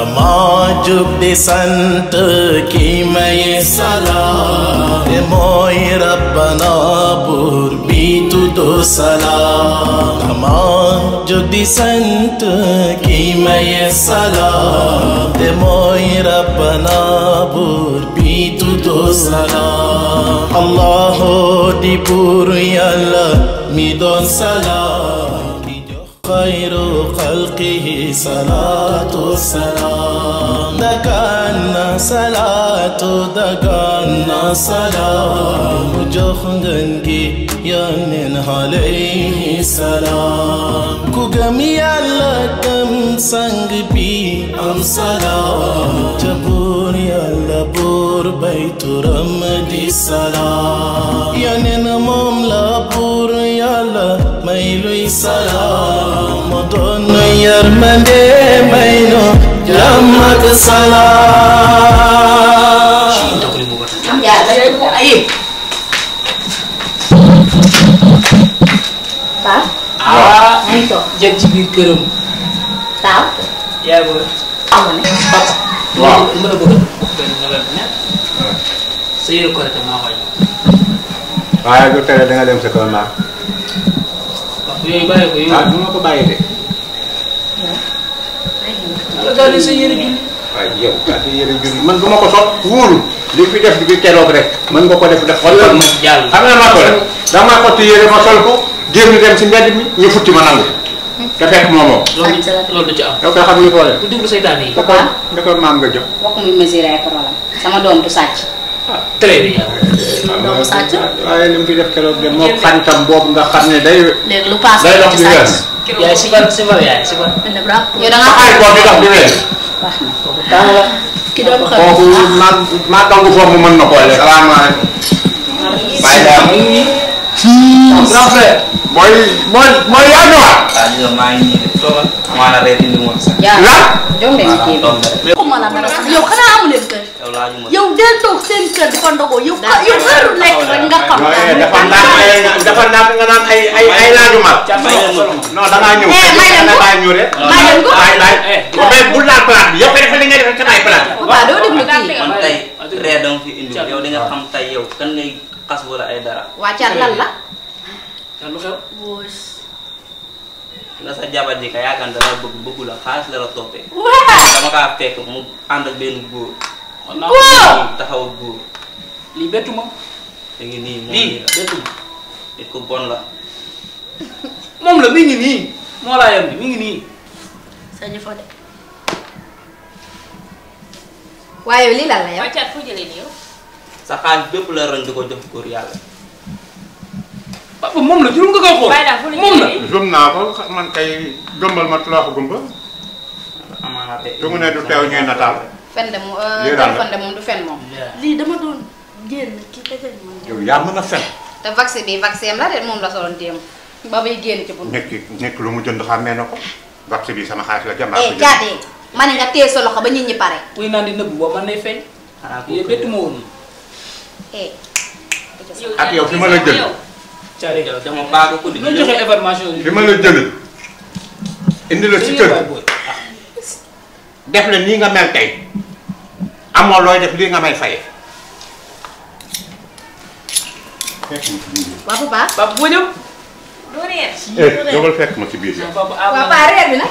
dama jug di sant ki may salaam te mooy rabbana buur bi tuddu salaam dama mooy rabbana buur bi tuddu salaam allahu di buur yàlla mi doon salaam خير خلقه صلاة السلام دكان صلاة دكان سلام جخدنجي يمن عليه سلام كوغمي الله تم سنگ بي ام سلام جبور الله بور بيت رمدي سلام يمن مملا بور يلا ميلوي سلام Ramadan yërmande may na jàmm ak salaam. waaw. ah muy toog. jag ci biir këram. waaw. yaa ngi bëgg. amoon na papa. waaw li ma la bëgg a wax benn nouvelle bu nekk. sa yëre korite maa wàññi. waaye du tere da nga dem sa kër yooyu bàyyi ko yow. Ah, ma ko bàyyi de. di sa yére julli. man du ma ko sot wóolu. li fi def bi keroog rek. mën nga ko def def wala. jàll xam nga maa ko la damaa xotti yére ma sol ko. génn dem si mbedd mi ñu futti ma nangu. te fekk moomoo. loolu du ci am. yow kay xam nga li ko war a maam nga jox. sama doom du sàcc. ah très bien. doomu sàcc waaye li mu fi def keroog moo xantam boobu nga xam ne day. léegi day dox du weer. yaay si ban si ban yaay si ban. yow da ngaa xaar koo fi dox la. ki doon xaar mën na koo kii. grand frère. mooy mooy mooy yaa ñëwaat. waaw disons maa ngi nii de. maanaam day dindi moom sax. yow xanaa amu leen kër. yow del toog seen kër di ko ndogoo yow. yow xaru lekk rek nga xam. dafa naan dafa naan nga naan ay ay ay laajumaal. non da ngaa ñëw. may leen ko may leen ko may leen ko. mais bul naan palaat bi yow kay dafa li nga def ak ay palaat. waaw doo déglu kii. man tey reer dama fi indi yow di nga xam tey yow kan ngay. xas wala ay dara. waa car la. car lu la sa jabar ji ka yaakaar dala bëgg bëggu la xaalis la la toppee. waaw dama kaa fekk mu ànd ak benn góor. waaw taxaw ak góor. lii bettu ma. da ngi nii moom lii bettu ma. bon la. moom la mi ngi nii. moo laa yem mi ngi nii. sañu fa la yow. sa xaalis bépp la roñ di ko jox góor yàlla. papa moom la juróom nga koy xool. moom la jum naa ko man kay gëmbal ma loo ko gumba. amaana te mu ne du teew ñuy nataal. fen de mu euh, téléphone de moom du fen moom. lii dama doon génn kii dajal moom. yow yaa mën a fen. te vaccin bi vaccin la de moom la soloon démb. ba bay génn ci bunt. nekk nekk lu mu jënd xàmmee na ko. vaccin bi sama xaalis la jàmm naa eh, ko jënd. ma ne nga téye sa loxo ba nit ñi pare. kuy naan di nëbb boo mën nay feeñ. xanaa kooku yéen Eh. ak yow fi ma la jël. ñu joxe information bi fi ma la jël indi la ci kër ah. def la nii nga mel tey looy def lii nga may faye waaw papa. papa eh, fekk ma ci biir yow. waaw ah, papa reer bi nag.